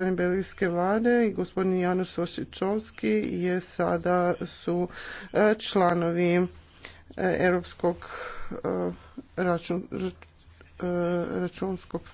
belgijske vlade i gospodin Janus Osjećovski je sada su e, članovi e, Europskog e, računskog